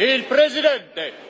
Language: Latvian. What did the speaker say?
Il Presidente